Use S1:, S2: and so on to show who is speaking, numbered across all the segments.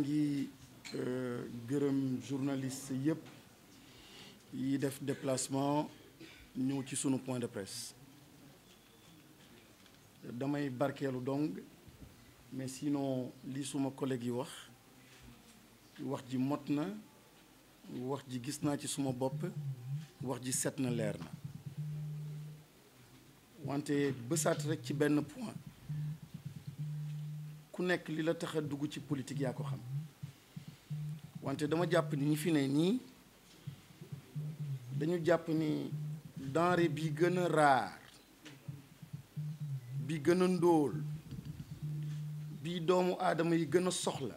S1: Je euh, suis gërëm journaliste yi def déplacement ñëw ci point de presse damay barkelu dong mais sinon li suma collègue yi wax wax ji mot wax ji ci suma wax ji wante rek point ku nekk li la tax dugg ci politique yaa ko xam wante dama jàpp ni ñi fi ne nii dañu jàpp ni denrée bi gën a raar bi gën a ndóol bi doomu aadama yi gën a soxla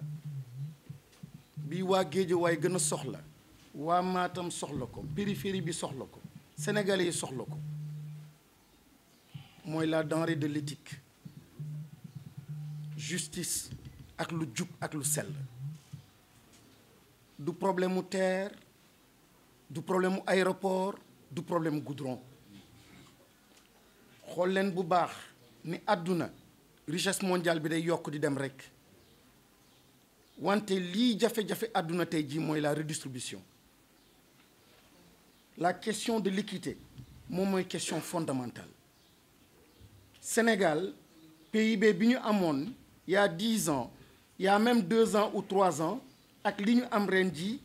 S1: bi waa Géejawaay gën a soxla waa maatam soxla ko périphérie bi soxla ko sénégalais yi soxla ko mooy la denrée de l'éthique justice ak lu djup ak lu sel. du problème de terre du problème aéroport du problème goudron Roland len bu baax ni aduna richesse mondiale bi day yok di dem rek wante li qui jafé aduna tay ji moy la redistribution la question de l'équité moment une question fondamentale Sénégal pays bi amon il y a 10 ans, il y a même 2 ans ou 3 ans, avec ce qu'on a dit,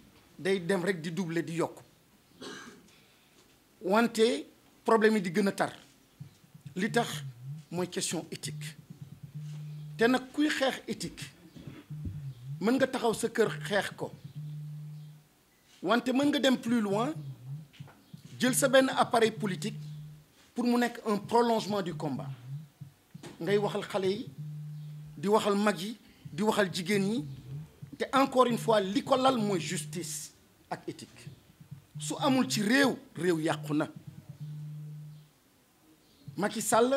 S1: il y a des règles de double de yok. Il y a problème de gunatar. Ce qui est une question éthique. Tu as une question éthique. Tu peux te faire ce que tu as. Tu peux aller plus loin, prendre un appareil politique pour être un prolongement du combat. Tu peux parler aux enfants, di waxal mag yi di waxal jigéen ñi te encore une fois li ko lal mooy justice ak éthique su amul ci réew réew yàqu na Macky Sall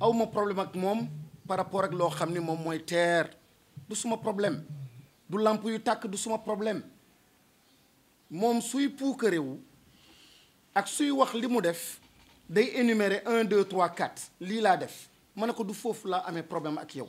S1: awma problème ak moom par rapport ak loo xam ni moom mooy terre du suma problème du làmp yu tàkk du suma problème moom suy puukarewu ak suy wax li mu def day énumérer 1 2 3 4 lii laa def ma ne ko du foofu laa amee problème ak yow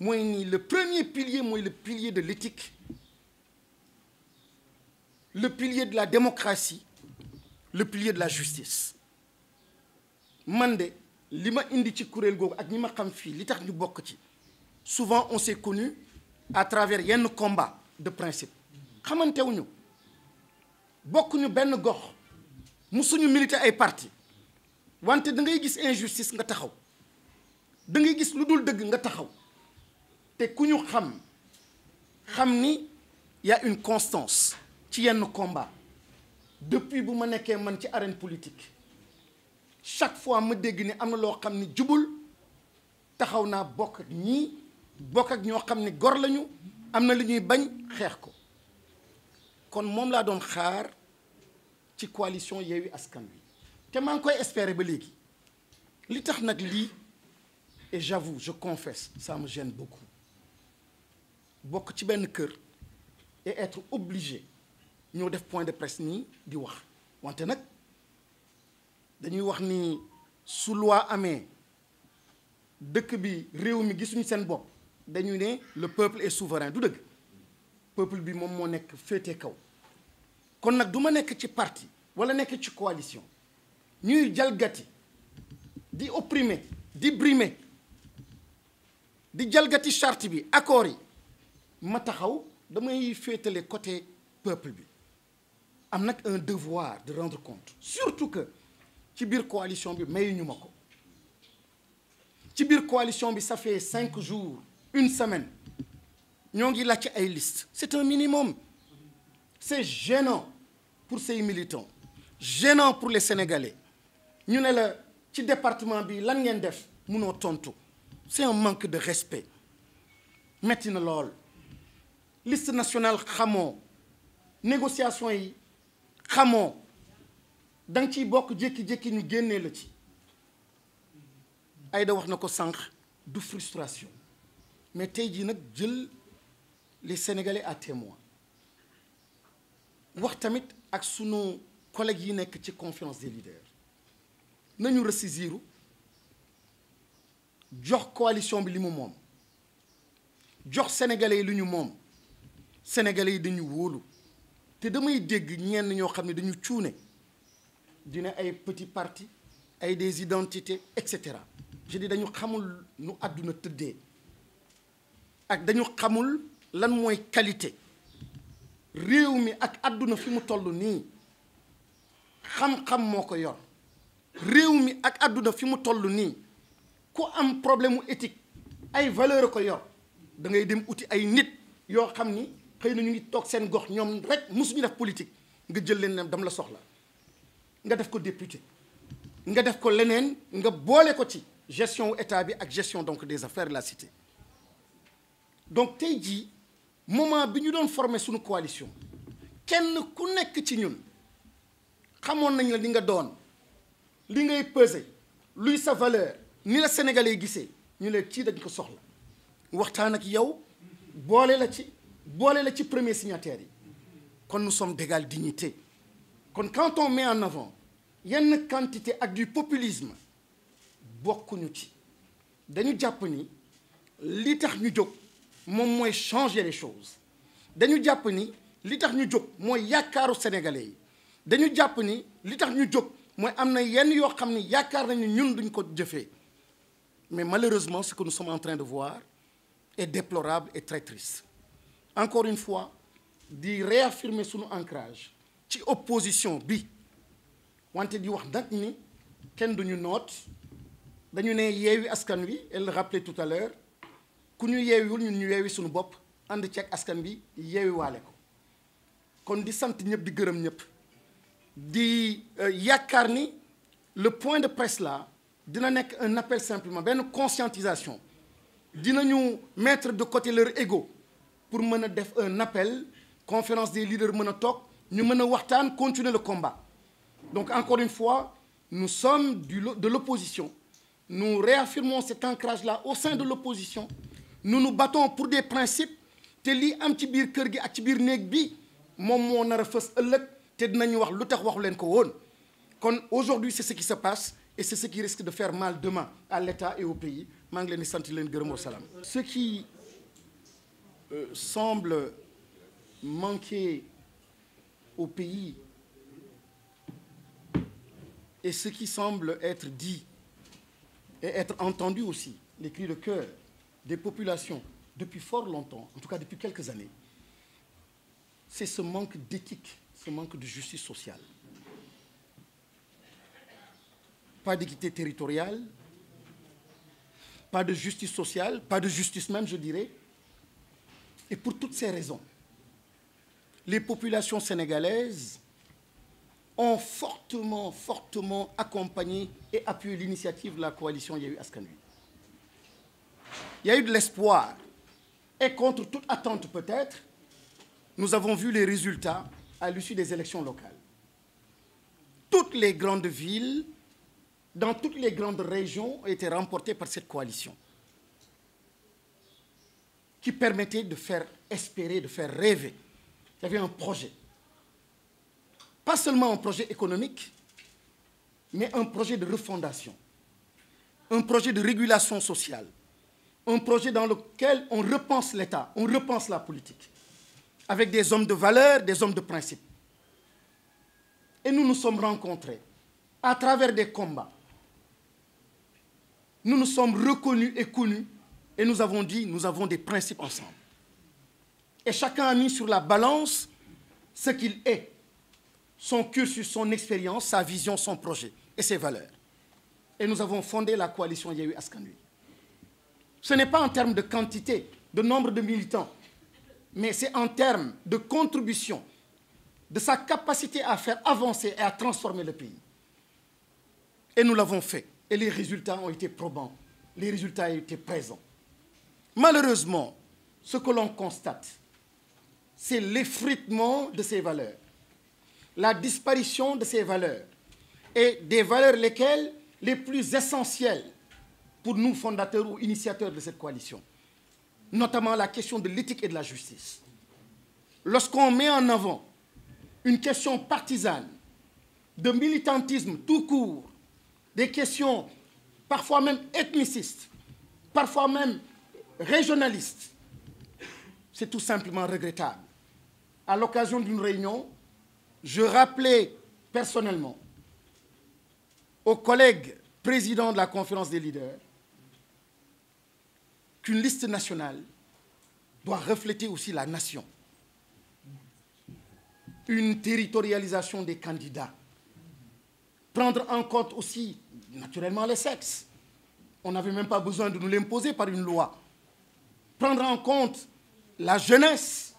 S1: Moi ni le premier pilier moi le pilier de l'éthique le pilier de la démocratie le pilier de la justice Mande lima indi ci kuréel googu ak ñima xam fi li tax ñu bok ci souvent on s'est connu à travers yenn combat de principe xamantewuñu ben benn gox musuñu militer ay parti wante da ngay gis injustice nga taxaw da ngay gis lu deug nga taxaw te ku ñu xam xam ni y a une constance ci yenn combat depuis bu ma nekkee man ci arène politique chaque fois ma dégg ni am na loo xam ni jubul taxaw naa bokk ak ñii bokk ak ñoo xam ni gor lañu am na li ñuy bañ xeex ko kon moom laa doon xaar ci coalition Yewwi Askan Wi te maa ngi koy espérer ba léegi li tax nag lii et j'avoue je confesse ça me gêne beaucoup bok ci et être obligé ñu def point de presse ni di wax wante dañuy wax ni sous loi De dëkk bi le peuple est souverain du peuple bi moom moo nekk féete kaw kon ci parti ci coalition ñuy jalgati di opprimer di di jalgati charte bi accord ma taxaw damay féetale côté peuple bi am un devoir de rendre compte surtout que ci biir coalition bi mayuñu ma ko ci biir coalition bi ça fait cinq jours une semaine ñoo ngi laaj ay liste c'est un minimum c'est gênant pour ces militants gênant pour les Sénégalais ñu ne la ci département bi lan ngeen def c'est un manque de respect metti na lool liste nationale xamoo négociation yi xamoo dang ci ciy bokk jékki-jékki ñu génnee la ci Aïda wax nako sank du frustration mais tey jii nag jël les Sénégalais à témoin wax tamit ak sunu collègues yi nek ci conférence des leaders nañu ressaisiru jox coalition bi limu mom moom jox sénégalais yi lu sénégalais dañu wolu té damay dégg ñenn ño xam dañu ciuné dina ay petit parti ay des identités etc. je dis dañu xamul nu sont teudé ak dañu xamul lan qualité réew mi ak ne fi mu xam-xam mi ak sont fi mu am problème éthique ay valeur ko yor da ngay dem ay nit yo xëy na ñu ngi toog seen gox ñoom rek mosuñu def politique nga jël leen ne dam la soxla nga def ko député nga def ko leneen nga boole ko ci gestion état bi ak gestion donc des affaires de la cité donc tey jii moment bi ñu doon former suñu coalition kenn ku nekk ci ñun xamoon nañ la li nga doon li ngay peser luy sa valeur ni la sénégalais gisee ñu ne ci dañ ko soxla waxtaan ak yow boole la ci. Boire la ci premier signataire yi nous sommes d'égale dignité kon quand on met en avant une quantité avec du populisme bokkuñu ci dañu jàpp ni li tax ñu jóg changer les choses dañu jàpp ni li tax ñu jóg mooy yaakaaru sénégalais yi dañu jàpp ni li tax ñu jóg mooy Sénégalais. mais malheureusement ce que nous sommes en train de voir est déplorable et très triste encore une fois de réaffirmer son ancrage ci opposition bi wante di wax nag ni ken duñu note, dañu ne yewi askan wi elle le rappelait tout à l'heure ku ñu yeewiwul ñun ñu yewi suñu bop, and ci ak askan bi yewi walé ko kon di sant ñep di gërëm ñep. di euh, yaakaar ni le point de presse là dina nek un appel simplement une conscientisation dinañu mettre de côté leur ego pour mener un appel conférence des leaders mën nous menons ñu continuer le combat donc encore une fois nous sommes de l'opposition nous réaffirmons cet ancrage là au sein de l'opposition nous nous battons pour des principes te am ci kër gi ak ci aujourd'hui c'est ce qui se passe et c'est ce qui risque de faire mal demain à l'État et au pays qui euh, semble manquer au pays et ce qui semble être dit et être entendu aussi, les cris de cœur des populations depuis fort longtemps, en tout cas depuis quelques années, c'est ce manque d'éthique, ce manque de justice sociale. Pas d'équité territoriale, pas de justice sociale, pas de justice même, je dirais, et pour toutes ces raisons, les populations sénégalaises ont fortement, fortement accompagné et appuyé l'initiative de la coalition Yéhu Askanui. Il y a eu de l'espoir. Et contre toute attente peut-être, nous avons vu les résultats à l'issue des élections locales. Toutes les grandes villes, dans toutes les grandes régions, ont été remportées par cette coalition qui permettait de faire espérer, de faire rêver. Il y avait un projet. Pas seulement un projet économique, mais un projet de refondation, un projet de régulation sociale, un projet dans lequel on repense l'État, on repense la politique, avec des hommes de valeur, des hommes de principe. Et nous nous sommes rencontrés à travers des combats. Nous nous sommes reconnus et connus et nous avons dit, nous avons des principes ensemble. Et chacun a mis sur la balance ce qu'il est, son cursus, son expérience, sa vision, son projet et ses valeurs. Et nous avons fondé la coalition Yehu Askanui. Ce n'est pas en termes de quantité, de nombre de militants, mais c'est en termes de contribution, de sa capacité à faire avancer et à transformer le pays. Et nous l'avons fait. Et les résultats ont été probants. Les résultats ont été présents. Malheureusement, ce que l'on constate, c'est l'effritement de ces valeurs, la disparition de ces valeurs, et des valeurs lesquelles les plus essentielles pour nous fondateurs ou initiateurs de cette coalition, notamment la question de l'éthique et de la justice. Lorsqu'on met en avant une question partisane, de militantisme tout court, des questions parfois même ethnicistes, parfois même régionaliste. C'est tout simplement regrettable. À l'occasion d'une réunion, je rappelais personnellement aux collègues présidents de la conférence des leaders qu'une liste nationale doit refléter aussi la nation. Une territorialisation des candidats. Prendre en compte aussi, naturellement, les sexes. On n'avait même pas besoin de nous l'imposer par une loi prendre en compte la jeunesse,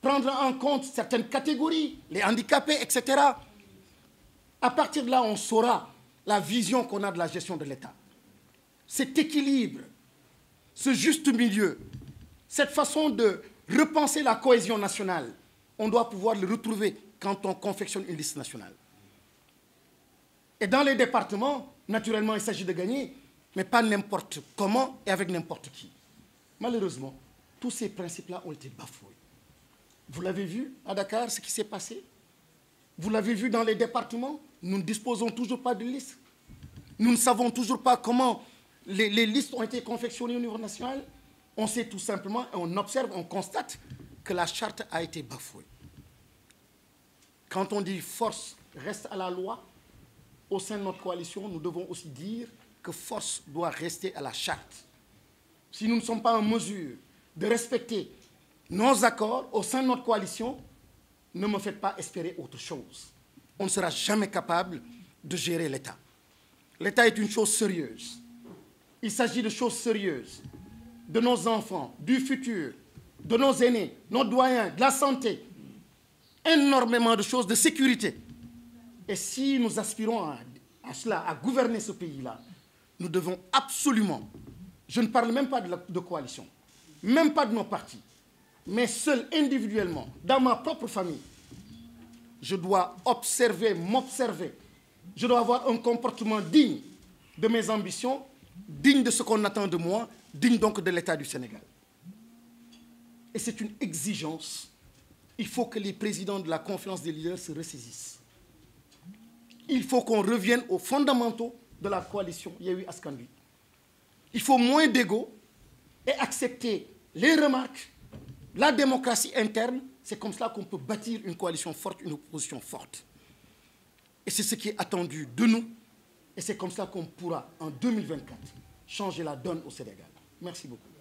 S1: prendre en compte certaines catégories, les handicapés, etc. À partir de là, on saura la vision qu'on a de la gestion de l'État. Cet équilibre, ce juste milieu, cette façon de repenser la cohésion nationale, on doit pouvoir le retrouver quand on confectionne une liste nationale. Et dans les départements, naturellement, il s'agit de gagner, mais pas n'importe comment et avec n'importe qui. Malheureusement, tous ces principes-là ont été bafoués. Vous l'avez vu à Dakar, ce qui s'est passé Vous l'avez vu dans les départements Nous ne disposons toujours pas de listes. Nous ne savons toujours pas comment les, les listes ont été confectionnées au niveau national. On sait tout simplement, on observe, on constate que la charte a été bafouée. Quand on dit force reste à la loi, au sein de notre coalition, nous devons aussi dire que force doit rester à la charte si nous ne sommes pas en mesure de respecter nos accords au sein de notre coalition, ne me faites pas espérer autre chose. On ne sera jamais capable de gérer l'État. L'État est une chose sérieuse. Il s'agit de choses sérieuses, de nos enfants, du futur, de nos aînés, nos doyens, de la santé, énormément de choses de sécurité. Et si nous aspirons à cela, à gouverner ce pays-là, nous devons absolument je ne parle même pas de, coalition, même pas de mon parti, mais seul, individuellement, dans ma propre famille, je dois observer, m'observer. Je dois avoir un comportement digne de mes ambitions, digne de ce qu'on attend de moi, digne donc de l'État du Sénégal. Et c'est une exigence. Il faut que les présidents de la conférence des leaders se ressaisissent. Il faut qu'on revienne aux fondamentaux de la coalition Yahoui Askandi il faut moins d'ego et accepter les remarques, la démocratie interne. C'est comme cela qu'on peut bâtir une coalition forte, une opposition forte. Et c'est ce qui est attendu de nous. Et c'est comme cela qu'on pourra, en 2024, changer la donne au Sénégal. Merci beaucoup.